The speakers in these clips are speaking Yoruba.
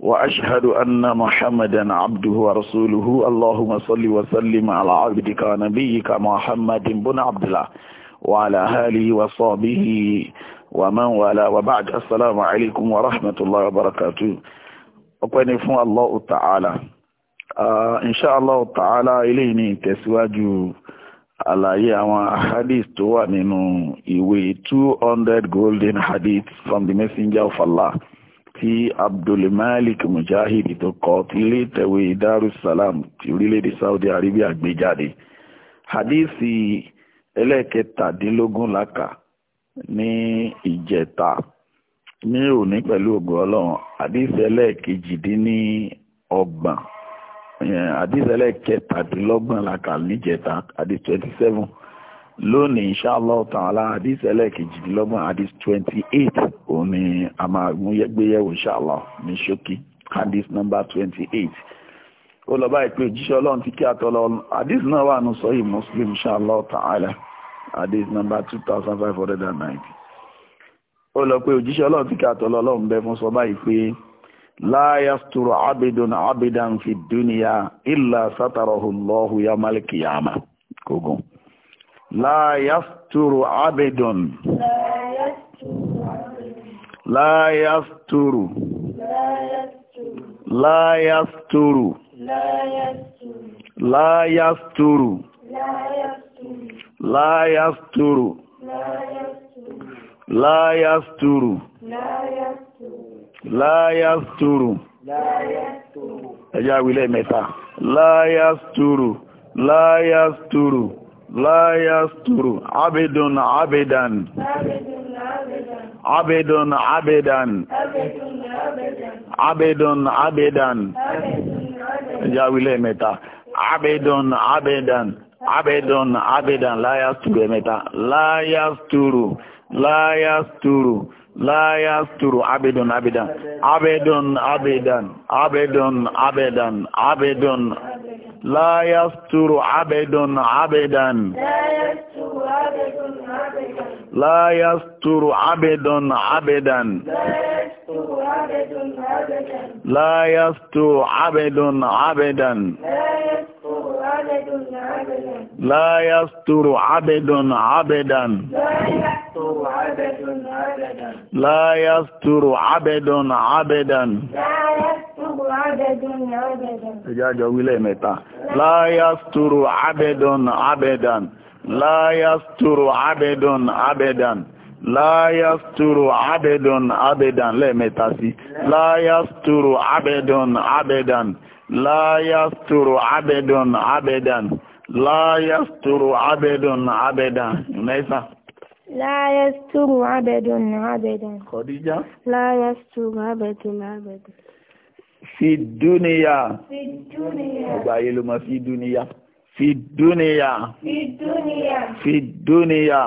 وأشهد أن محمدا عبده ورسوله اللهم صل وسلم على عبدك ونبيك محمد بن عبد الله وعلى آله وصحبه ومن والاه وبعد السلام عليكم ورحمة الله وبركاته أقول الله تعالى إن شاء الله تعالى إليني تسواجه على àwọn hadith tó wà nínú ìwé 200 golden hadith from the messenger of Allah tí abdulmalik mujahid tó kọ tí ilé ìtẹ̀wé darussalam ti orílẹ̀-èdè saudi arabia gbé jáde hadisi ẹlẹ́ẹ̀kẹtàdínlógún làkà ní ìjẹta ní òní pẹ̀lú ògùn ọlọ́run hadisi ẹlẹ́ẹ̀kejìdínní ọgbọ̀n eh, hadisi ẹlẹ́ẹ̀kẹtàdínlọ́gbọ̀n làkà níjẹta hadisi twenty seven lónìí inshallah ta'ala hadisi ẹlẹ́ẹ̀kejìdínlọ́gbọ̀n hadisi twenty eight. òun ni a máa gbéyẹ̀wò inshallah ní ṣókí hadith number twenty eight ó lọ báyìí pé òjíṣẹ́ ọlọ́run ti kí àtọ́lọ́ hadith náà wà muslim inshallah ta'ala hadith number two thousand five hundred and ninety ó lọ pé òjíṣẹ́ ọlọ́run ti kí àtọ́lọ́ ọlọ́run fún sọ báyìí abidun abidan fi لا يستر لا يستر لا يستر لا يستر لا يستر لا يستر ẹjá wílẹ̀ mẹ́ta láyàstúrù láyàstúrù láyàstúrù abidun abidan. abidan. عبد عبدا عبد عبدا جاوي له متى عبد عبدا عبد عبدا لا يستر متى لا يستر لا يستر لا يستر عبد عبدا عبد عبدا عبد عبدا عبد لا يستر عبد عبدا لا يستر عبد عبدا لا يستر عبد عبدا لا يستر عبد عبدا لا يستر عبد عبدا لا يستر عبد عبدا ìjájọ wílẹ̀ mẹ́ta láyàstúrò abẹ́dàn abẹ́dàn láyàstúrò abẹ́dàn abẹ́dàn láyàstúrò abẹ́dàn abẹ́dàn lẹ́ẹ̀mẹ́ta sí láyàstúrò abẹ́dàn abẹ́dàn láyàstúrò abẹ́dàn abẹ́dàn láyàstúrò abẹ́dàn abẹ́dàn mẹ́ta. láyàstúrò abẹ́dàn abẹ́dàn. kọ̀díjà. láyàstúrò abẹ́dàn abẹ́dàn fi dúníyà ọgbà ayé ló mọ̀ fi dúníyà fi dúníyà fi dúníyà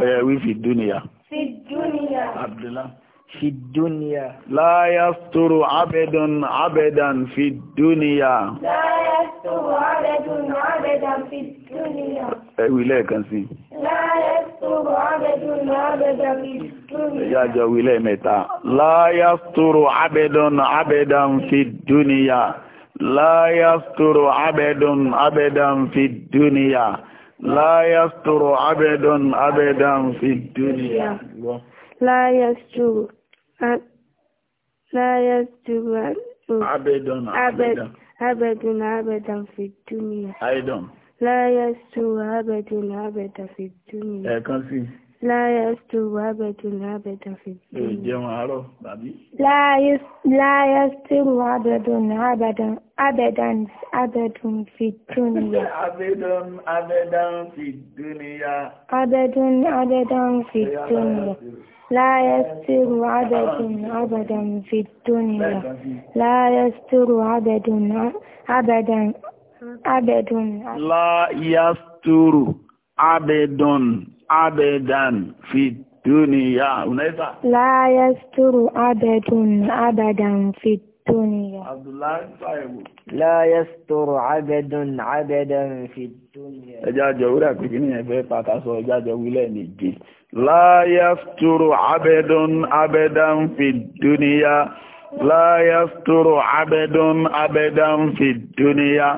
ọ̀yẹ̀ wí fi dúníyà abdullah fi dúníyà láyá stúrù abẹ́dùn abẹ́dàn fi dúníyà láyá stúrù abẹ́dùn abẹ́dàn fi dúníyà ẹ̀wì lẹ́ẹ̀kan sí Ìyá jọ wí lẹ́mẹ̀ta, láyásítòrò abẹ́dán abẹ́dán fi dúníyà, láyásítòrò abẹ́dán abẹ́dán fi dúníyà, láyásítòrò abẹ́dán abẹ́dán fi dúníyà. Láyásítòrò abẹ́dán abẹ́dán fi dúníyà. Aidan láyé tó àbẹ̀dù lábẹ̀dà fi dúnìí. ẹ̀ẹ̀kan sí. láyé tó àbẹ̀dù lábẹ̀dà fi dúnìí. yóò jẹun àárọ̀ tàbí. láyé tó àbẹ̀dù lábẹ̀dà abẹ̀dàn abẹ̀dùn fi dúnìyà. abẹ̀dùn abẹ̀dàn fi dúnìyà. abẹ̀dùn abẹ̀dàn fi dúnìyà. لا يستر عبد عبدا في الدنيا لا يستر عبد عبدا Abẹ́dùn. Láyàstúrù, abẹ́dùn, abẹ́dàn, fi dúnìyà. Unaisa? Láyàstúrù, abẹ́dùn, abẹ́dàn, fi dúnìyà. Abdullahi Sáyẹ̀wò. Láyàstúrù, abẹ́dùn, fi dúnìyà. Ẹjá jọ orí àpèjì ní ẹgbẹ́ pàtàkì ẹjá jọ wílẹ̀ méje. Láyàstúrù, abẹ́dùn, abẹ́dàn, fi dúnìyà. Láyàstúrù, abẹ́dùn, abẹ́dàn, fi dúnìyà.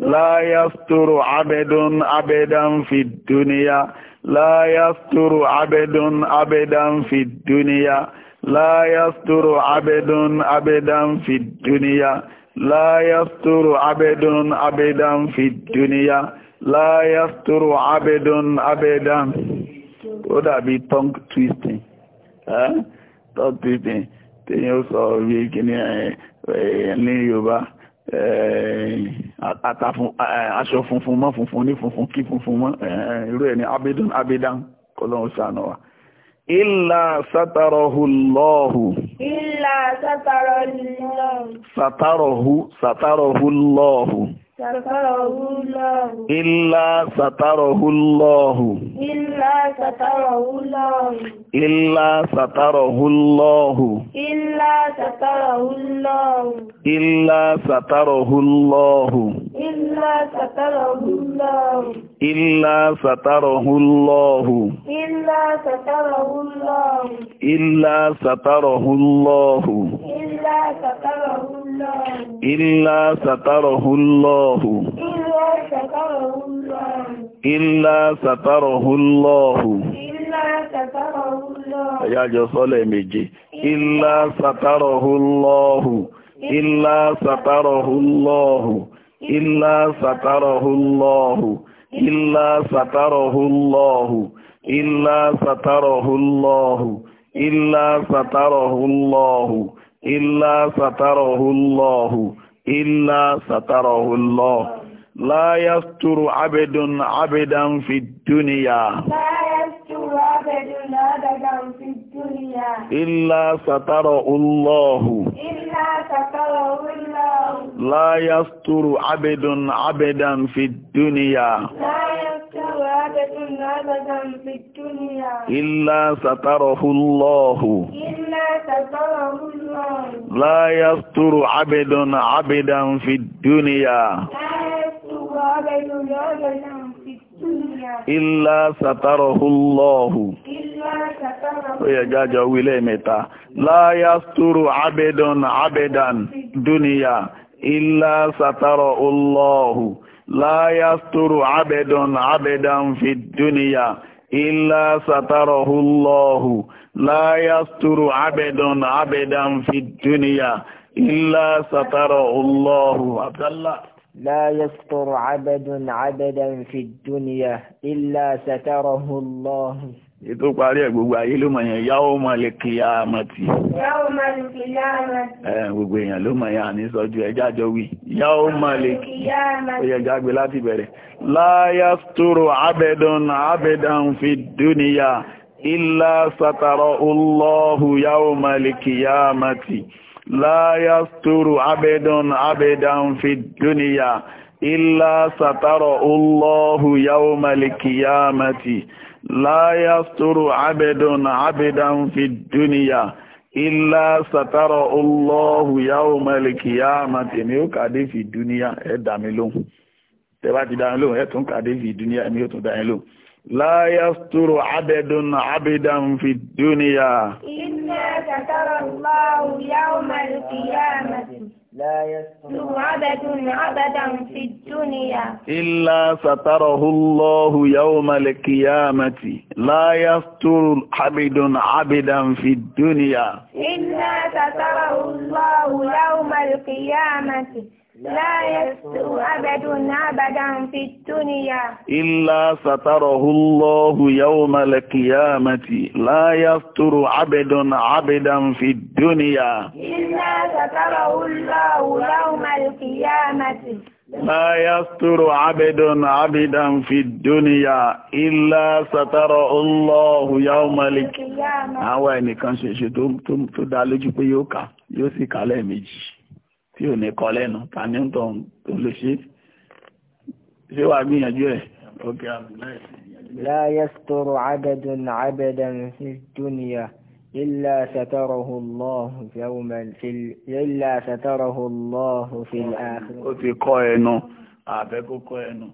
لا يفتر عبد عبدا في الدنيا لا يفتر عبد عبدا في الدنيا لا يفتر عبد عبدا في الدنيا لا يفتر عبد عبدا في الدنيا لا يفتر عبد عبدا ó dàbí tongue twisting tongue twisting téèyàn sọ orí kìíní ẹ̀ ní Yorùbá àtàfún eh, eh, aṣọ funfun mọ́ funfun ní funfun kí funfun mọ́ eh, irú ẹni abidun abidan kọlọ́run sànà wa ìlà sátàrọ̀hù lọ́ọ̀hù ìlà sátàrọ̀hù lọ́ọ̀hù sátàrọ̀hù sátàrọ̀hù Ilá sàtàrọ̀húlọ́hù. Ilá sàtàrọ̀húlọ́hù. Ilá sàtàrọ̀húlọ́hù. Ilá sàtàrọ̀húlọ́hù. Ilá sàtàrọ̀húlọ́hù. Ilá sàtàrọ̀húlọ́hù. Ilá sàtàrọ̀húlọ́hù. Ilá sàtàrọ̀húlọ́hù. Ilá sàtàrọ̀húlọ́hù. Ilá sàtàrọ̀húlọ́hù. Ilá sàtàrọ̀húlọ́hù. Allahu illa satarahu Allahu ẹ̀yájọ́ sọ́lẹ̀ méje illa satarahu Allahu illa satarahu Allahu illa satarahu Allahu illa satarahu Allahu illa satarahu Allahu illa satarahu Allahu illa satarahu Allahu إلا ستره الله لا يستر عبد عبدا في الدنيا إلا ستره الله الله لا يستر عبد عبدا في الدنيا لا حاجة أبدا في الدنيا إلا ستره الله إلا ستره الله لا يستر عبد عبدا في الدنيا لا يستر عبد عبدا في الدنيا إلا ستره الله إلا ستره الله يا جاجا ويلي متى لا يستر عبد عبدا دنيا إلا ستره الله láyàstòrò abẹ́dàn abẹ́dàn fi dúnìyà ilá sàtàrọ̀húlọ́hù láyàstòrò abẹ́dàn abẹ́dàn fi dúnìyà ilá sàtàrọ̀húlọ́hù abdallá لا يستر عبد عبدا في الدنيا إلا ستره الله ètò parí ẹ̀ gbogbo ayé ló mọ̀ yẹn yáwó mọ̀ lè kíyà gbogbo èèyàn ló mọ̀ yẹn àní sọ́jú ẹjá jọ wí yáwó mọ̀ lè kíyà ó yẹ láti bẹ̀rẹ̀ láyàstúrò abẹ́dán abẹ́dán fi dúníyà ilá sàtàrọ̀ olóhù yáwó mọ̀ lè إلا ستر الله يوم القيامة لا يستر عبد عبدا في الدنيا إلا ستر الله يوم القيامة èmi ó kàdé fi dúníà ẹ dá mi lóhùn tẹ́ bá ti dá mi lóhùn ẹ tún kàdé fi dúníà èmi ó tún dá yín lóhùn لا يستر عبد عبدا في الدنيا إلا ستر الله يوم القيامة لا يستر عبد عبدا في الدنيا إلا ستره الله يوم القيامة لا يستر عبد عبدا في الدنيا إلا ستره الله يوم القيامة láyé tó abẹ́dùn náà bàdá ń fi túnìyà. ilá sàtàrọ̀húnlọ́hù yàwó malakiyamati láyé tó abẹ́dùn abẹ́dà ń fi túnìyà. ilá sàtàrọ̀húnlọ́hù yàwó malakiyamati. لا يستر عبد عبدا في الدنيا إلا ستر الله يوم القيامة àwọn ẹnìkan ṣoṣo tó dá lójú pé yóò kà yóò sì kà tí ò ní kọ lẹ́nu ta ní tọ̀ tó lè ṣe ṣé wàá gbìyànjú ẹ̀ ok لا يستر عبد عبدا في الدنيا إلا ستره الله يوما في ال... إلا ستره الله في الآخرة ó ti kọ ẹnu àbẹ́ kó kọ ẹnu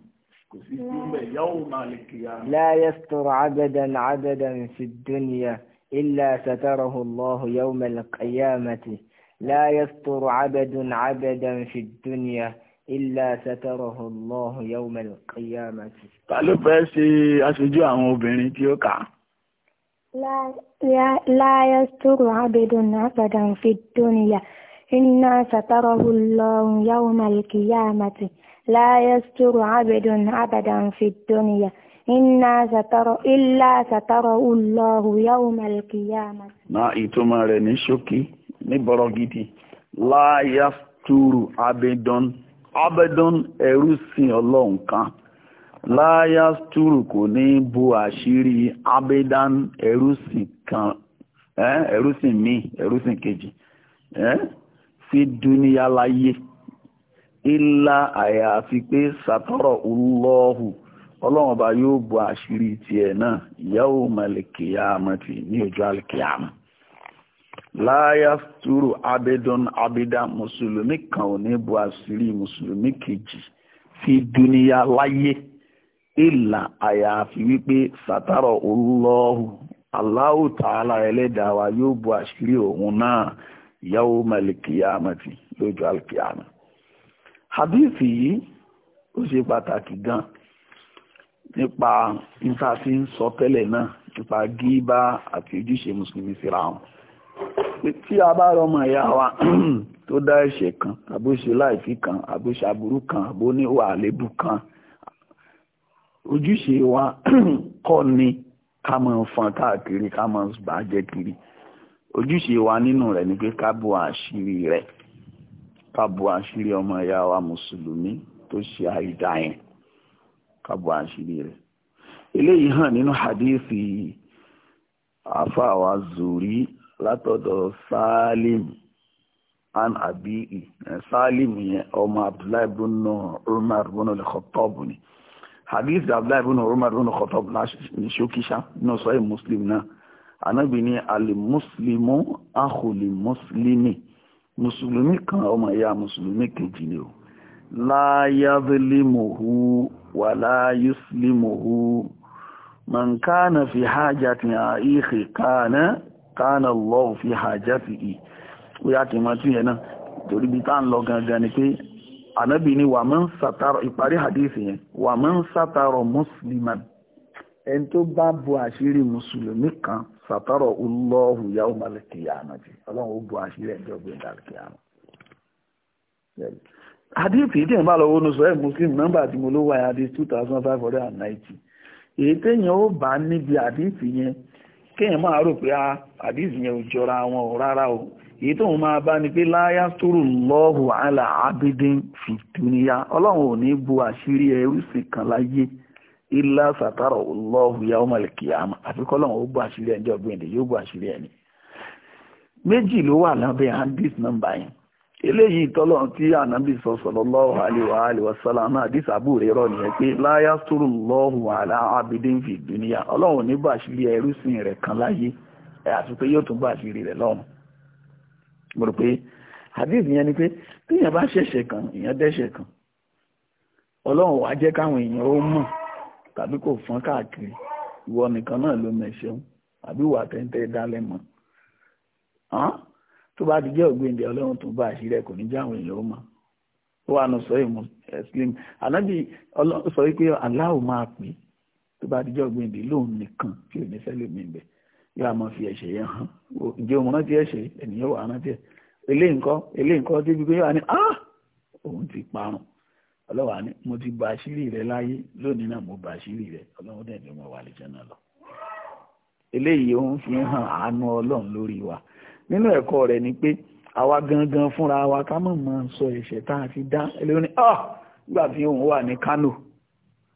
kò sí síbẹ̀ يوم القيامة لا يستر عبدا عبدا في الدنيا إلا ستره الله يوم القيامة لا يستر عبد عبدا في الدنيا إلا ستره الله يوم القيامة ta ló fẹ́ ṣe aṣojú àwọn لا tí لا يستر عبد عبدا في الدنيا إلا ستره الله يوم القيامة لا يستر عبد عبدا في الدنيا inna satara إلا ستره الله يوم القيامة. ما ìtumọ̀ rẹ̀ ní bọ̀rọ̀ gidi láyàtúrù abidun abidun ẹrú ọlọ́run kan láyàtúrù kò ní bo àṣírí abidan ẹrú kan ẹrú sìn míì ẹrú sìn kejì fi dúníyà láyé ilá àyàfi pé sàtọ́rọ̀ ulọ́hù ọlọ́run ọba yóò bo àṣírí tiẹ̀ náà ní láyà túrò abidun abida mùsùlùmí kan ò ní bu àṣírí mùsùlùmí kejì fi dúníyà láyé ìlà àyàfi wípé sàtàrọ olóhùn Allahu Ta'ala ẹlẹ́dàá wa yóò bu àṣírí òun náà yawmal qiyamati lójú alkiyama hadithi yìí ó ṣe pàtàkì gan nípa nípa tí ń sọ tẹ́lẹ̀ náà nípa gíbá àti ojúṣe mùsùlùmí síra wọn pé tí a bá rọmọ ìyá wa tó dá ẹ̀ṣẹ̀ kan àbóṣe láìfi kan àbóṣe aburú kan àbó àlébù kan ojúṣe wa kọ́ ni ká máa fọn káàkiri ká máa bàjẹ́ kiri ojúṣe wa nínú rẹ̀ ni pé ká bo àṣírí rẹ̀ ká bo àṣírí ọmọ ìyá wa mùsùlùmí tó ṣe àìdá yẹn ká bo àṣírí rẹ̀ eléyìí hàn nínú hadithi àfáà wa zòrí látọ̀dọ̀ Salim an abi'i Salim yẹn ọmọ Abdullahi ibn Umar ibn al-Khattab ni hadith Abdullahi ibn Umar ibn al-Khattab ní ṣókíṣá ní sọ́yìn Muslim náà anábì ní alimuslimu ahùlì muslimi mùsùlùmí kan ọmọ ìyá mùsùlùmí kejì ni o láyàzílímùhú wà láyúsílímùhú mọ̀nkánà fi hajjatin àìkè kánà kánà lọ́wọ́ fi hàjẹ́fì ì ó kí n tún yẹn náà torí bí tá lọ gangan ni pé ni wà mọ́ ń sàtàrọ̀ ìparí hadith yẹn musliman tó bá bu àṣírí musulmi kan sàtàrọ̀ Allahu yawmal qiyamah jì ọlọ́run ó bu àṣírí ẹjọ́ gbé dàlùkìyàmà hadith yìí tẹ̀ ń bá lọ wọnú sọ ẹ̀ muslim nọ́mbà àti mo ló wáyé hadith two thousand five hundred and kéèyàn máa rò pé àdìsí ah, yẹn ò jọra wọn ò rárá o èyí tó ń máa bá ni pé lọ́hù àlà abidin fìdúníyà ọlọ́run ò ní bu àṣírí ẹrúsìn kan láyé ilá sàtàrọ̀ lọ́hù yà ó mọ̀lẹ̀ kìyàmà ọlọ́run ó bu àṣírí ẹni ọgbìn yóò bu àṣírí ẹni handis nọmba. eléyìí tọ́lọ̀ tí ànábì sọ sallallahu alaihi wa sallam àdìs àbúrè rọ nìyẹn pé la yasturullahu ala abidin fi dunya ọlọ́run ní bàṣírí ẹrú sìn rẹ̀ kan láyé àti pé yóò tún bàṣírí rẹ̀ lọ́run mo rò pé àdìs yẹn ni pé téèyàn bá ṣẹ̀ṣẹ̀ kan èèyàn dẹ́ṣẹ̀ kan ọlọ́run wàá jẹ́ káwọn èèyàn ó mọ̀ tàbí kò fọ́n káàkiri ìwọ tó bá ti jẹ́ ògbéǹde ọlọ́run tó bá àṣírí ẹ̀ kò ní já àwọn èèyàn ó mọ̀ ó wà nù sọ́yìn muslim ànábì ọlọ́run sọ wípé aláwo máa pè tó bá ti jẹ́ ògbéǹde lóun nìkan tí ò ní sẹ́lẹ̀ mi bẹ̀ yóò máa fi ẹ̀ṣẹ̀ yẹn hàn ǹjẹ́ òun rántí ẹ̀ṣẹ̀ ènìyàn wà rántí ẹ̀ eléyìí nǹkan eléyìí nǹkan yóò wá ní ah òun ti parun ọlọ́wàá ni mo ti bà àṣírí rẹ láyé lónìí náà mo bà àṣírí rẹ ọlọ́run dẹ̀ ni mo wà lè náà lọ eléyìí ó ń fi hàn àánú ọlọ́run lórí wa nínú ẹ̀kọ́ rẹ̀ ni pé àwa gangan fúnra wa ká mọ̀ mọ̀ sọ ẹ̀ṣẹ̀ tá a ti dá ẹlẹ́yìn ah nígbà tí òun wà ní Kano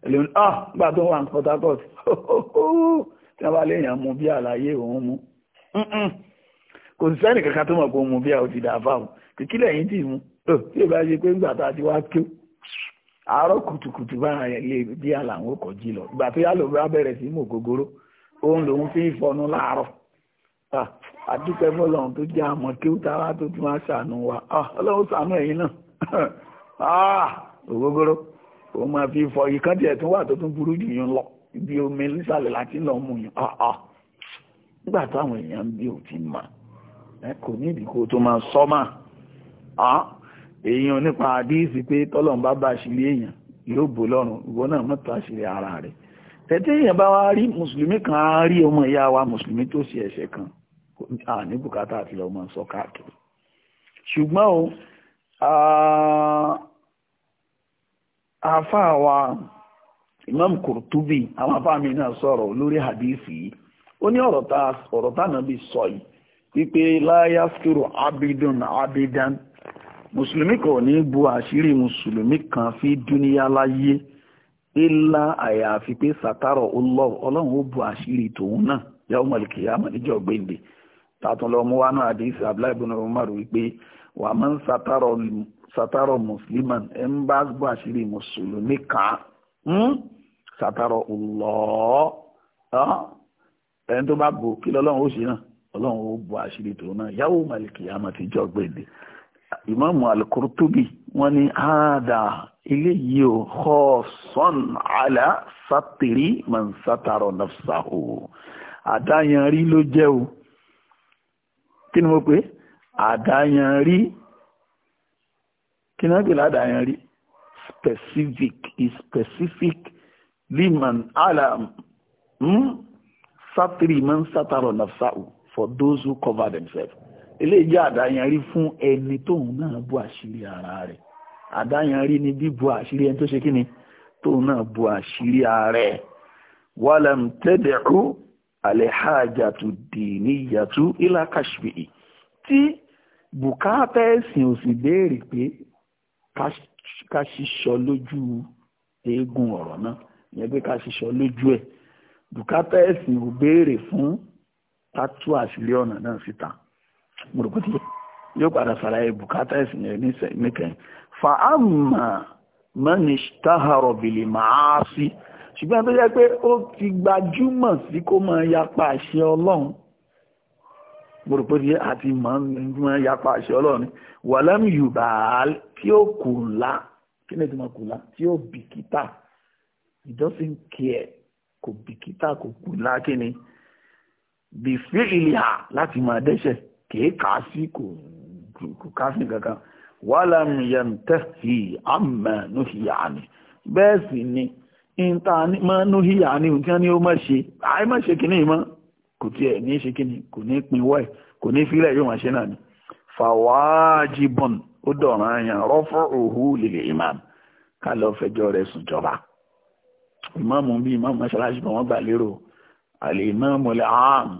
ẹlẹ́yìn ah nígbà tó wà ní Port Harcourt tí wọ́n bá léèyàn mú bí àlàyé òun mú kò sí sẹ́nì kankan tó mọ̀ pé òun mú bí àwọn ti dà fáwọn kìkílẹ̀ yìí tì mú tí ìbá ṣe pé nígbà tá a ti wá kí àárọ̀ kùtùkùtù bá lè bí àlàwọn kọ̀ jí lọ ìgbà tó yá bá bẹ̀rẹ̀ sí mọ̀ gogoro òun lòun fi ń fọnú láàárọ̀ àdúpẹ́ ah, fọ́lọ́run tó jẹ́ àmọ́ kí ó tàwa tó tún wá ṣàánú wa ah, ọlọ́run ṣàánú ẹ̀yin náà ah, ògógóró ó máa fi fọ ìkan tiẹ̀ tún wà tó tún burú jù yín lọ ibi omi nísàlẹ̀ láti lọ mú yín nígbà táwọn èèyàn bí ò ti mà ẹ kò ní ìdíkò tó máa sọ mà èèyàn nípa àdíìsí pé tọ́lọ́run bá bá àṣírí èèyàn yóò bò lọ́rùn ìwọ náà mọ́tò àṣírí ara rẹ̀ tẹ̀tẹ̀ èèyàn bá wá rí mùsùlùmí kan á rí ọmọ ìyá wa mùsùlùmí tó ṣe ẹ̀ṣẹ̀ kan a ní bukata àti lọ mọ́ sọ káàkiri ṣùgbọ́n o àáfàá wa Imam Qurtubi àwọn àfáà mi náà sọ̀rọ̀ lórí hadisi ó ní ọ̀rọ̀ tá bí sọ yìí wípé láyá skúrò abidun abidan mùsùlùmí kò ní bu àṣírí musulmi kan fi dúníyá láyé ilá àyàfi pé sàtàrọ̀ ọlọ́run ó bu àṣírí tòun náà yawmal níjọ́ tàtún lọ mú wánú àdìsí abdullahi ibn umar wípé wà máa ń sàtàrọ musliman ẹ ń bá gbọ́ àṣírí mùsùlùmí kan hmm? sàtàrọ Allah ẹni tó bá bò kí lọ́lọ́run ó ṣe náà ọlọ́run ó bò àṣírí tòun náà yawm al-qiyamah ti jọ gbèdè ìmáàmù al-Qurtubi wọ́n ní àádá eléyìí ò khassan ala sátìrí man sátàrọ àdáyanrí ló jẹ́ o kí ni mo pè àdáyanrí kí ni wọ́n pè ládàáyanrí specific is specific liman alam hmm? man satara nafsahu for those who cover themselves eléyìí jẹ́ àdáyanrí fún ẹni tóun náà bú àṣírí ara rẹ̀ àdáyanrí ni bíbu àṣírí ẹni tó ṣe kí ni tóun náà bú àṣírí ara rẹ̀ wàlẹ̀ mtẹ́dẹ̀ẹ́ àlẹ́hájàtú dìníyàtú ìlàkàṣbìí tí bùkátà ẹ̀sìn ò sì béèrè pé ká ṣiṣọ́ lójú eégún ọ̀rọ̀ náà ìyẹn pé ká ṣiṣọ́ lójú ẹ̀ bùkátà ẹ̀sìn ò béèrè fún tátú àṣírí ọ̀nà náà síta mo yóò padà ṣàlàyé bùkátà ẹ̀sìn yẹn níkẹyìn fa àmà mọ́ni táhàrọ̀ bìlì màá sí ṣùgbọ́n tó jẹ́ pé ó ti gbajúmọ̀ sí kó máa yapa àṣẹ ọlọ́run mo rò pé ti àti máa yapa àṣẹ ọlọ́run wà lẹ́nu yorùbá tí ó kù ńlá kí ni ìtumọ̀ kù ńlá tí ó bìkítà he doesn't care kò bìkítà kò kù ńlá kí ni bìfí ìlìhà láti máa dẹ́ṣẹ̀ kìí kà sí kò káfíń kankan wà yẹn tẹ̀sí àmẹ́nu ìyá ni bẹ́ẹ̀ sì ni ìta máa ń híyà ní nǹkan ní ó má ṣe àì má ṣe kìíní mọ́ kò tiẹ̀ ní ṣe kìíní kò ní pinwọ́ ẹ̀ kò ní fílẹ̀ yóò máa ṣe náà ni fàwájibọ̀n ó dọ̀ràn àyàn rọ́fọ́ òhù lèlè imam ká lọ fẹjọ́ rẹ̀ sùn jọba ìmáàmù bíi ìmáàmù mọ́ṣáláṣí bọ̀ wọ́n gbà lérò àlè ìmáàmù lè ààmù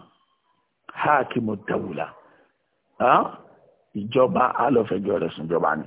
háàkì mọ̀tàwùlà ìjọba á lọ fẹjọ́ rẹ̀ sùn jọba ni.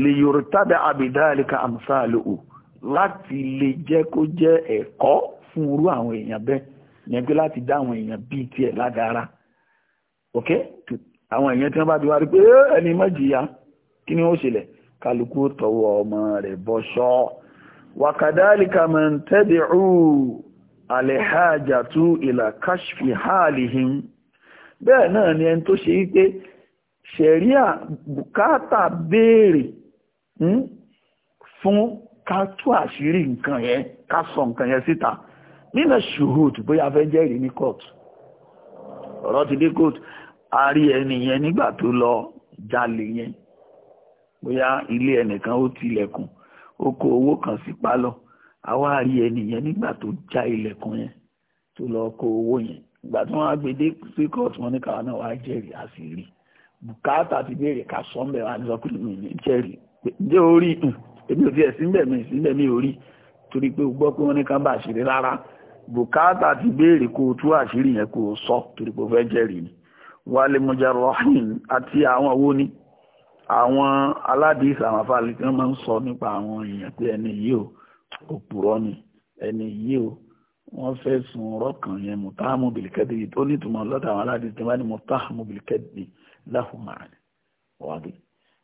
lè yorùtádà àbìdáàlìkà àmúsáàlùkù láti lè jẹ́ kó jẹ́ ẹ̀kọ́ fún irú àwọn èèyàn bẹ́ẹ̀ yẹn pé láti dá àwọn èèyàn bíi tiẹ̀ ládàára ok àwọn èèyàn tí wọ́n bá ti wá rí pé ẹni má kí ni ó ṣẹlẹ̀ kálukú tọwọ́ ọmọ rẹ̀ bọ́ṣọ́ wàkàdáàlìkà mẹ́ntẹ́dẹ̀ẹ́rù alẹ́hájàtú ìlà kashfi hálìhìn bẹ́ẹ̀ náà ni ẹni tó ṣe wípé ṣẹ̀ríà bùkátà béèrè Hmm? fún ká tú àṣírí nǹkan yẹn ká sọ nǹkan yẹn síta nínú ṣùhùd bóyá fẹ́ jẹ́rìí ní kóòtù ọ̀rọ̀ ti dé kóòtù a rí ẹni yẹn nígbà tó lọ jalè yẹn bóyá ilé ẹnìkan ó tilẹ̀kùn ó kó owó kan sí pálọ̀ a wá rí ẹni yẹn nígbà tó já ilẹ̀kùn yẹn tó lọ kó owó yẹn ìgbà tí wọ́n á gbé dé sí kóòtù wọn ní káwọn náà wá jẹ́rìí àṣírí bùkátà ti béèrè ká sọ́ńbẹ̀ wá ní sọ ní jẹ́rìí jẹ́ orí èmi ò fi ẹ̀sìn bẹ̀mí ìsìnbẹ̀mí orí torí pé o gbọ́ pé wọ́n ní ká bá àṣírí rárá bùkátà ti béèrè kó o tú àṣírí yẹn kó o sọ torí pé o fẹ́ jẹ́rìí ni wálé mujarrahin àti àwọn wo ni àwọn aládìísí àwọn afáàlì tí wọ́n máa ń sọ nípa àwọn èèyàn pé ẹni yìí ò òpùrọ́ ni ẹni yìí ò wọ́n fẹ́ sun ọ̀rọ̀ kan yẹn mùtáhàmù bìlìkẹ́dì tó nítumọ̀ lọ́dọ̀ àwọn aládìísí tí wọ́n bá ní mùtáhàmù bìlìkẹ́dì láhùn màánì wàá bìí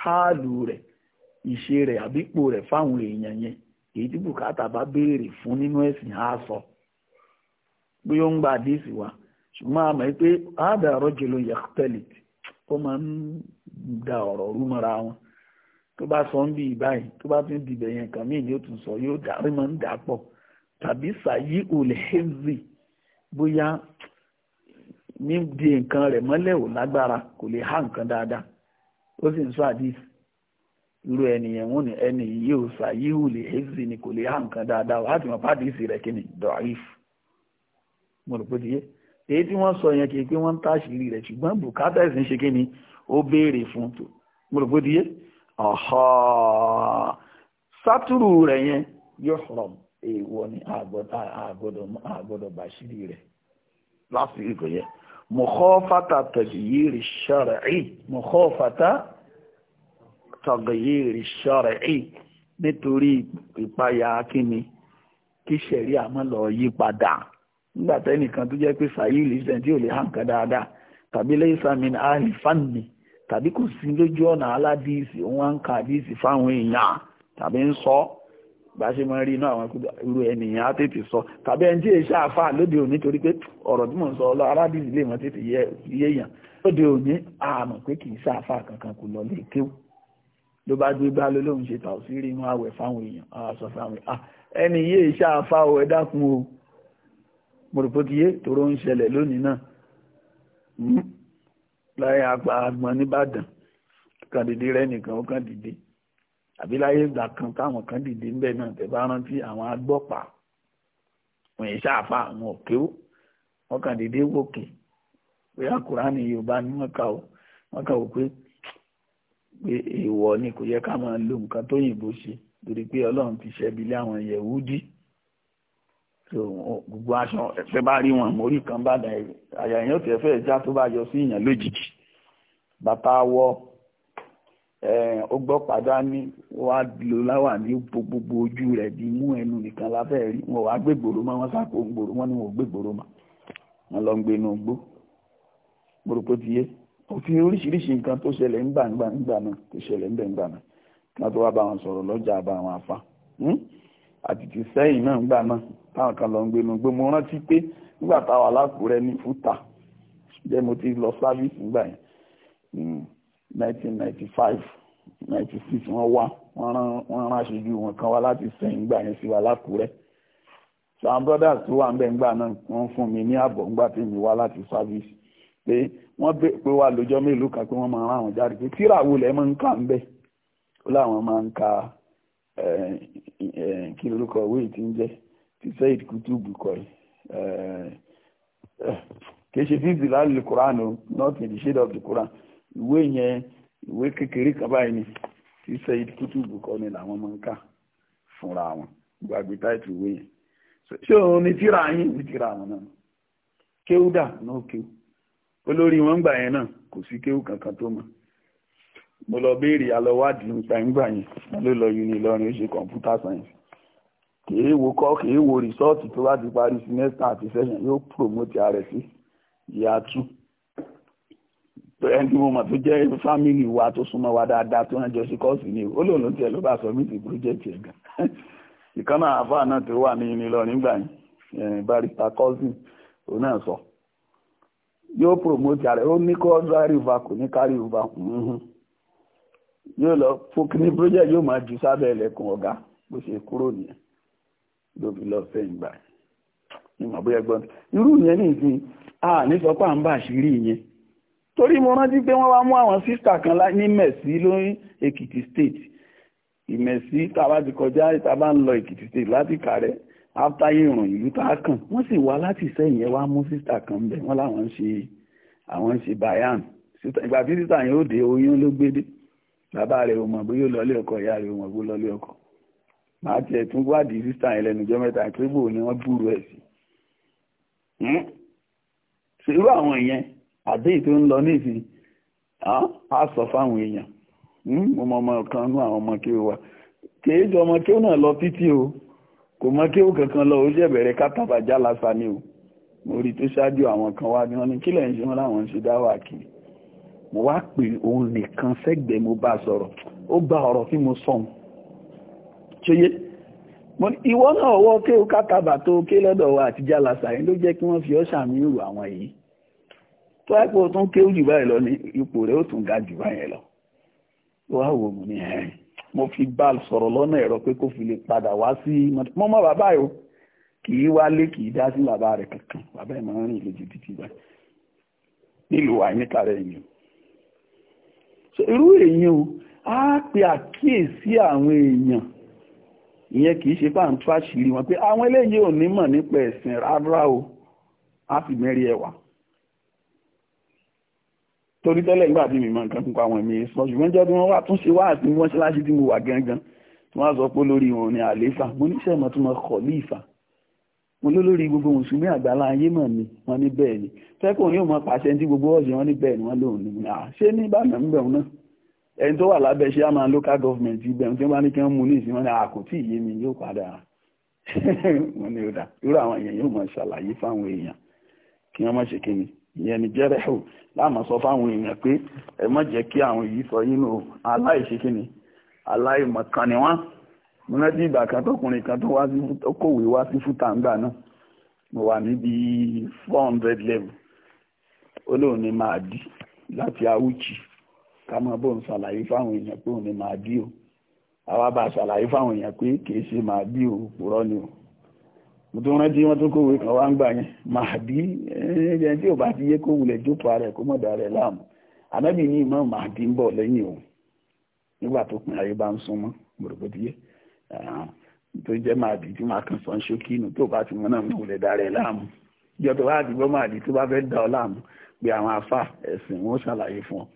háàlù rẹ̀ ìṣe rẹ̀ àbípò rẹ̀ fáwọn èèyàn yẹn èyí tí bùkátà bá béèrè fún nínú ẹ̀sìn á sọ pé ó ń gba wa ṣùgbọ́n àmọ́ pé áàdà rọ́jò ló ó máa da ọ̀rọ̀ rú mọ́ra wọn tó bá sọ ń bí ìbáyìí tó bá tún dìbẹ̀ yẹn kan míì ni ó tún sọ yóò máa ń dà pọ̀ tàbí sàyí bóyá ní di nǹkan rẹ̀ mọ́lẹ̀ ò lágbára kò lè há nǹkan ó sì ń sọ àdìs irú ẹnìyẹn wọn ni ẹni yìí ò ṣàyíhù lè hẹ́sì ni kò lè há nǹkan dáadáa wàá ti mọ̀ pàdísì rẹ̀ kí ni dọ̀ọ́if mo rò pé ti yé èyí tí wọ́n sọ yẹn kì í pé wọ́n ń táṣìírí rẹ̀ ṣùgbọ́n bùkátà ẹ̀sìn ṣe kí ni ó béèrè fún tó mo rò pé ti yé ọ̀họ́ sátúrù rẹ̀ yẹn yóò rọ̀ èèwọ̀ ni àgbọ̀dọ̀ bàṣírí rẹ̀ lásìkò yẹn mọ̀kọ́fàtà tàgìyìrì ṣọ́rẹ̀ẹ́ mọ̀kọ́fàtà tàgìyìrì ṣọ́rẹ̀ẹ́ nítorí ìpayà kíni kí ṣẹ̀rí àmọ́ lọ yí padà nígbà tẹ́nìkan tó jẹ́ pé sàyíìlì ìṣẹ̀ tí ò lè hàn kan dáadáa tàbí lẹ́yìn sàmìn àlìfáàní tàbí kò sí na ala aládìsí òun à ń ka tàbí bá ṣe máa rí inú àwọn irú ènìyàn á tètè sọ tàbí ẹni tí èṣà àfà lóde òní torí pé ọ̀rọ̀ tí mò ń sọ ọlọ́ arábìnrin lè mọ́ tètè yé èèyàn lóde òní àmọ̀ pé kì í ṣàfà kankan kò lọ lè kéwù ló bá gbé gbá lólóhùn ṣe tà ó sí rí inú àwẹ̀ fáwọn èèyàn àṣọ fáwọn ẹni yé èṣà àfà ò ẹ dákun o mo rò pé kí yé tòró ń ṣẹlẹ̀ lónìí náà hmm. láyé àgbà àgbọn nìbàdàn kàdìdí rẹ nìkan ó kàn dìde àbí láyé ìgbà kan táwọn kan dìde ńbẹ náà tẹ́ bá rántí àwọn agbọ́pà wọn èyí ṣáàfà àwọn òkèwò wọn kàn dìde wòkè bóyá kùránì yorùbá ni wọn kà ó wọn kà ó pé pé èèwọ̀ ni kò yẹ ká máa lo nǹkan tó yìnbó ṣe torí pé ọlọ́run ti ṣẹ́bi lé àwọn yẹ̀wúdí so gbogbo aṣọ ẹ̀fẹ́ bá rí wọn mórí kan bá dà àyà èèyàn tẹ̀ fẹ́ já tó bá yọ sí ìyàn lójijì bàtà wọ ó gbọ́ pàdánù wàá lò láwà ní gbogbo ojú rẹ̀ di mú ẹnu nìkan láfẹ́ rí wọn wàá gbégbòrò mọ́ wọn sáko gbòrò wọn ni wọn ò gbégbòrò mọ́ wọn lọ ń gbé inú gbó gbòròpó ti yé òfin oríṣiríṣi nǹkan tó ṣẹlẹ̀ ńgbà ńgbà náà tó ṣẹlẹ̀ ńgbà náà kí wọ́n tó wá bá wọn sọ̀rọ̀ lọ́jà bá wọn àfa hmm? àti ti sẹ́yìn náà ńgbà rántí pé 1995 96 wọ́n wá wọ́n rán wọ́n rán aṣojú wọn kan wá láti sẹ́yìn gbà yẹn sí wa lákùrẹ́ so àwọn brothers tó wà ń bẹ̀ ńgbà náà wọ́n fún mi ní ààbọ̀ ńgbà tí mi wá láti service pé wọ́n pé wá lọ́jọ́ mélòó kan pé wọ́n máa rán àwọn jáde pé tíra wo lẹ́ máa ń kà ń bẹ̀ ó láwọn máa ń ka kí lorúkọ ìwé tí ń jẹ́ ti Said Kutubu kọ yìí kì í ṣe fífi láàlú Quran o not in the shade of the Quran ìwé yẹn ìwé kékeré kan báyìí ni tí Said Kutubu kọ́ ni làwọn máa ń kà fúnra wọn gbàgbé táìtì ìwé yẹn ṣé òun ni tíra yín ni tíra wọn náà kéwú dà náà kéwú olórí wọn gbà yẹn náà kò sí kéwú kankan tó mọ̀ mo lọ béèrè alọ́wádìí nípa ìgbà yẹn ló lọ yìí ní Ìlọrin ó ṣe computer science kìí wo kọ́ kìí wo rìsọ́ọ̀tì tó bá ti parí sinẹ́tà àti sẹ́yìn yóò promote ààrẹ sí e. ìyá two ẹni mo mọ̀ tó jẹ́ fámìlì wa tó súnmọ́ wa dáadáa tó rán jọ sí kọ́ọ̀sì ni ó lòun tiẹ̀ ló bá sọ mí ti náà tó wà ní Ìlọrin nígbà yẹn eh, barista cousin òun náà sọ yóò promote ààrẹ ó ní kó dry river kò mm-hmm. lọ fokini yóò máa ju sábẹ́ ẹlẹ́kùn ọ̀gá bó ṣe kúrò nìyẹn lọ sẹ́yìn gbà bóyá gbọ́n irú torí mo rántí pé wọ́n wá mú àwọn sísà kan ní mẹ̀sí lóyún èkìtì state ìmẹ̀sí tàbá ti kọjá ìtàbá ń lọ èkìtì state láti kàrẹ́ after ìrùn ìlú tá a kàn wọ́n sì wá láti sẹ́yìn ẹ̀ wá mú sísà kan bẹ̀ wọ́n láwọn ń ṣe àwọn ń ṣe bayan ìgbà tí sísà yẹn ó dé oyún ló gbédé bàbá rẹ̀ ò mọ̀ bó yóò lọlé ọkọ ìyá rẹ̀ ò mọ̀ bó lọlé ọkọ màá tiẹ̀ tún wádìí sísà yẹn lẹ́nu ìjọ mẹ́ta pé bò ni wọ́n búrú ẹ̀ sí hmm? irú àwọn ìyẹn àdéhì tó ń lọ nísìn á sọ fáwọn èèyàn ọmọ hmm, ọmọ kan nú àwọn ọmọ kí ó wà kìí jọ ọmọ kí ó náà lọ títí o kò mọ kí ó kankan lọ ó jẹ́ bẹ̀rẹ̀ kátàbàjá lásán ni o mo rí tó ṣáájú àwọn kan wá ní wọn ní kílẹ̀ ń ṣe wọn láwọn ń ṣe dáwà kiri mo wá pè òun nìkan sẹ́gbẹ̀ẹ́ mo bá sọ̀rọ̀ ó gba ọ̀rọ̀ tí mo sọ mu ṣeye ìwọ náà wọ kí o kátàbà tó ké lọ́dọ̀ wa àtijọ́ lásán ló jẹ́ kí wọ́n fi ọ́ ṣàmì ìrù àwọn yìí tó wá pé o tún kéwù jù báyìí lọ ní ipò rẹ̀ ó tún ga jù báyìí lọ ó wá wò mí ní ẹ̀ mo fi bá sọ̀rọ̀ lọ́nà ẹ̀rọ pé kó fi lè padà wá sí mọ́ mọ́ bàbá yìí o kì í wálé kì í dá sí bàbá rẹ̀ kankan bàbá ẹ̀ máa ń rìn lójú títí báyìí nílùú àyíká rẹ̀ yìí so irú èyí o á pe àkíyèsí àwọn èèyàn ìyẹn kì í ṣe pàǹtú àṣírí wọn pé àwọn eléyìí ò ní mọ̀ nípa ẹ̀sìn rárá o á fi mẹ́rí ẹwà torí tẹ́lẹ̀ nígbà tí mi mọ̀ nǹkan nípa àwọn ẹ̀mí sọ ṣùgbọ́n jọ́ bí wọ́n wá tún ṣe wá àti wọ́n ṣe láṣí tí mo wà gangan tí wọ́n sọ pé lórí wọn ni àléfà mo níṣẹ́ ìmọ̀ tí mo kọ̀ ní ìfà mo ló lórí gbogbo mùsùlùmí àgbàlá ayé mọ̀ mi wọ́n ní bẹ́ẹ̀ ni fẹ́kùn ní òun pàṣẹ tí gbogbo ọ̀sẹ̀ wọ́n ní bẹ́ẹ̀ ni wọ́n lòun ni ṣé ní ìbàdàn ń bẹ̀rù náà ẹni tó wà lábẹ́ ṣé àmà local government ibẹ̀ tí wọ́n bá ní kí wọ́n mú ní ìsìn ni àkó tí ìyé mi yóò padà wọn ni ó dà irú àwọn èèyàn yóò mọ̀ ṣàlàyé fáwọn èèyàn kí wọ́n má ṣe kíni ìyẹn ni jẹ́rẹ̀hù láàmà sọ fáwọn èèyàn pé ẹ má jẹ́ kí àwọn èyí sọ yínú aláìṣekíni aláìmọ̀kan ni wọ́n mo rántí ìgbà kan tọkùnrin kan tó wá sí kòwé wá sí náà mo wà níbi four hundred level olóòun ni máa dì láti awúchi ká máa bóun ṣàlàyé fáwọn èèyàn pé òun ni máa dì o àwa bá ṣàlàyé fáwọn èèyàn pé kì í ṣe máa dì o òpùrọ́ ni o mo tó rántí wọ́n tó kówé kan wá ń gbà yẹn màdí ẹ̀yẹ tí ò bá ti yé kó wulẹ̀ jókòó rẹ̀ kó mọ̀dà rẹ̀ láàmú ànábì ní ìmọ̀ màdí ń bọ̀ lẹ́yìn òun nígbà tó pin ayé bá ń súnmọ́ gbòrògbò díẹ̀ tó jẹ́ màdí tí màá kàn sọ ń ṣókí inú tó bá ti mọ̀ náà mọ̀ wulẹ̀ dà rẹ̀ láàmú ìjọ tó bá ti gbọ́ màdí tó bá fẹ́ dà ọ́ láàmú pé àwọn afá ẹ̀sìn wọn ṣàlàyé fún ọ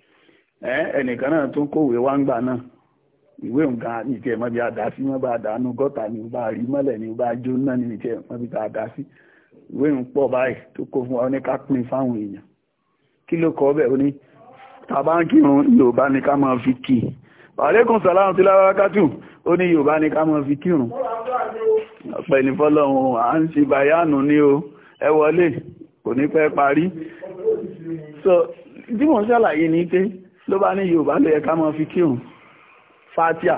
ẹnìkan náà tó kówé wá ń gbà náà ìwé nǹkan ní tiẹ̀ mọ́ bí a dá sí mọ́ bá dánú gọ́tà ni bá rí mọ́lẹ̀ ni bá jóná ní tiẹ̀ mọ́ bí a dá sí ìwé ń pọ̀ báyìí tó kó fún wa ní ká pín fáwọn èèyàn kí ló kọ́ bẹ́ẹ̀ ó ní tàbá ń yorùbá ni ká máa fi kì wàlékún sàlámù tí lára wákàtù ó ní yorùbá ni ká máa fi kírun ọ̀pẹ̀ ní fọ́lọ́hún à ń ṣe bàyánù ni o ẹ wọlé kò ní pẹ́ parí so tí mò ń ṣàlàyé ní pé ló bá ní yorùbá ló yẹ ká máa fi kírun fatia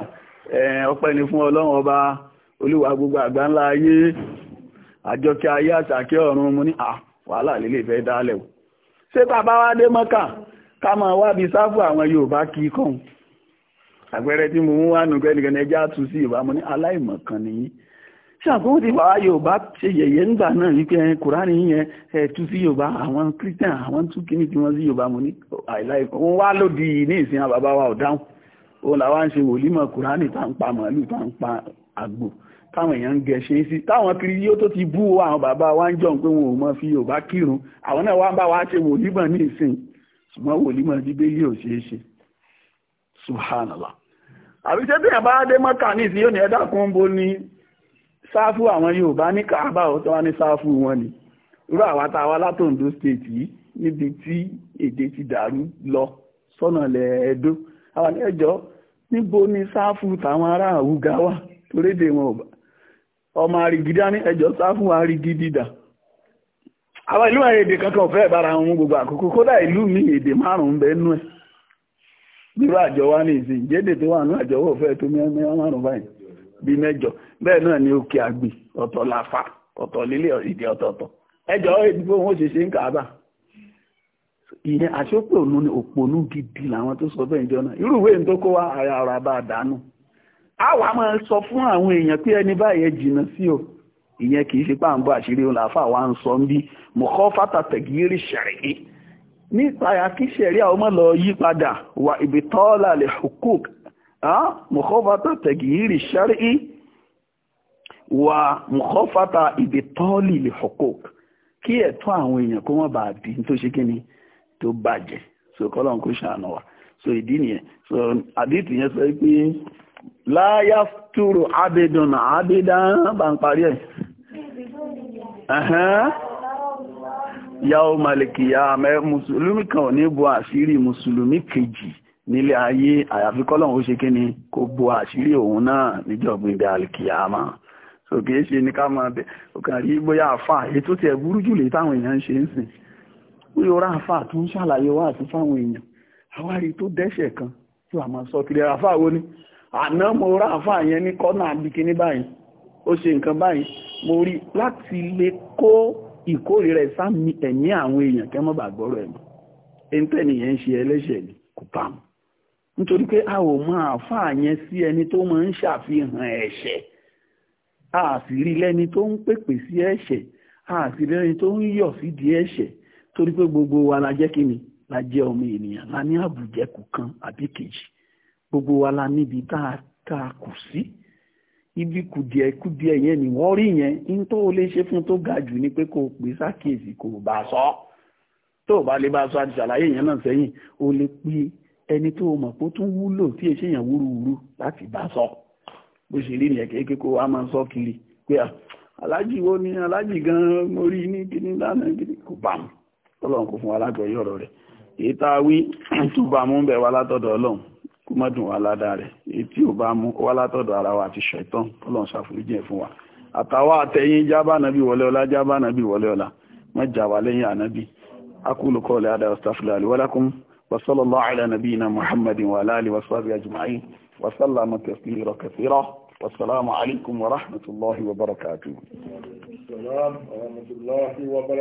eh, ọpẹ́ ni fún ọlọ́run ọba olúwa gbogbo àgbà ńlá ayé àjọkẹ́ ayé àtàkẹ́ ọ̀run mo ní à wàhálà lílé ìfẹ́ dálẹ̀ o ṣé bàbá wa dé mọ́kà ká máa wábi sáfù àwọn yorùbá kì í kàn àpẹẹrẹ tí mo mú wá nù kẹ́nìkan ẹjẹ́ àtú sí yorùbá mo ní aláìmọ̀kan nìyí ṣàkóhùn ti bàbá yorùbá ṣe yẹ̀yẹ́ nígbà náà wípé kùránì yẹn ẹ sí yorùbá àwọn christian àwọn tú kíní tí wọ́n sí yorùbá mo ní àìláìmọ̀ òun làwa ń ṣe wòlímọ̀ kùránì tá ń pa màálù tá ń pa àgbò táwọn èèyàn ń gẹṣẹ́ sí táwọn kiri yóò tó ti bú àwọn bàbá wa ń jọ̀n pé wọn ò mọ fi yorùbá kírun àwọn náà wá ń bá wa ṣe wòlímọ̀ ní ìsìn ṣùgbọ́n wòlímọ̀ bíbélì ò ṣeé ṣe subhanallah àbí ṣé bíyàn bá dé mọ́kà ní ìsìn yóò ní ẹ̀dá kún bó ní sáfù àwọn yorùbá ní kàábà ó tó ní sáfù wọn ni irú àwa tá a látòǹdó state yìí níbi tí èdè ti dàrú lọ sọ́nà lẹ́ẹ̀ẹ́dó àwọn ẹjọ́ níbo ni sáfù táwọn ará àwùgá wà torédè wọn ò bá ọmọ àrìgídá ní ẹjọ́ sáfù àrìgídídà àwọn ìlú àwọn èdè kankan fẹ́ bára ohun gbogbo àkókò kódà ìlú mi èdè márùn-ún bẹ́ẹ̀ àjọ wa ní ìsìn ìjẹ́dè tó wà ní àjọ wọ̀ fẹ́ tó mẹ́rin báyìí bíi àgbè ọ̀tọ̀ làfà ọ̀tọ̀ lílé ìyẹn àṣepọ̀ ònú ni òpònú gidi làwọn tó sọ bẹ́ẹ̀ jọ́nà irú ìwé tó kó wá ara ara bá dànù a wà máa sọ fún àwọn èèyàn pé ẹni báyẹn jìnnà sí o ìyẹn kì í ṣe páàmbọ̀ àṣírí òun làáfà wa ń sọ ń bí mọ̀kọ́ fàtàtẹ̀gìrì ṣẹ̀rí nípa kí àwọn ọmọ lọ yí padà wà ibi tọ́lá lè hukuk mọ̀kọ́ fàtàtẹ̀gìrì ṣẹ̀rí wà mọ̀kọ́ fàtà ibi tọ́lì lè hukuk kí ẹ̀tọ́ àwọn èèyàn kó wọ́n bá bí tó ṣe kí ni tó bàjẹ́ so kọ́lọ̀ kó ṣàánú so ìdí nìyẹn so àdìtì yẹn sọ pé láyà túrò abidun abidan bá ń parí ẹ̀ yàwó màlìkì yà mẹ́ mùsùlùmí kan ò ní bo àṣírí mùsùlùmí kejì nílé ayé àyàfi ó ṣe ni kó bu àṣírí òun náà níjọ̀gbìn ìdá so kìí ṣe ní ká máa bẹ̀ rí bóyá ètò tí ẹ̀ lè táwọn èèyàn ń pé ó ráfà tó ń ṣàlàyé wá fáwọn èèyàn àwárí tó dẹ́ṣẹ̀ kan tí a máa sọ kiri ráfà wo ní àná mo ráfà yẹn ní kọ́nà àbíkíní báyìí ó ṣe nǹkan báyìí mo rí láti lè kó ìkórìíra ẹ̀sámi ẹ̀mí àwọn èèyàn kẹ́ mọ́ bàgbọ́rọ̀ ẹni ń ṣe ẹlẹ́ṣẹ̀ kò bá mu nítorí pé a ò mọ yẹn sí ẹni tó máa ń ṣàfihàn ẹ̀ṣẹ̀ a sì rí lẹ́ni torí pé gbogbo wa la jẹ́ kí ni la jẹ́ ọmọ ènìyàn la ní àbùjẹkù kan àbí kejì gbogbo wa la níbi tá a kù sí ibi kùdìẹ̀kùdìẹ̀ yẹn ni wọ́n rí yẹn tó o lè ṣe fún tó ga jù kò pè sákèsì kò bá sọ tó o bá náà sẹ́yìn o lè pé ó tún wúlò tí yẹn wúruwúru láti bá sọ bó ṣe rí máa sọ kiri pé ní kíní kò bá ọlọ́run kò fún wa lágbọ̀ọ́yé ọ̀rọ̀ rẹ̀ èyí tá a wí tó bá mú bẹ̀ wá látọ̀dọ̀ ọlọ́run kó má dùn wá ládàá rẹ̀ èyí tí ò bá mú wá látọ̀dọ̀ ara wa àti ṣẹ̀tàn ọlọ́run ṣàforíjì fún wa àtàwọn àtẹ̀yìn jábà nàbí wọlé ọlá jábà nàbí wọlé ọlá má jà wá lẹ́yìn ànábì akúlù kọ́ọ̀lì adá ọ̀stáfìlà àlùwálákùn والسلام عليكم ورحمة الله وبركاته السلام ورحمة الله وبركاته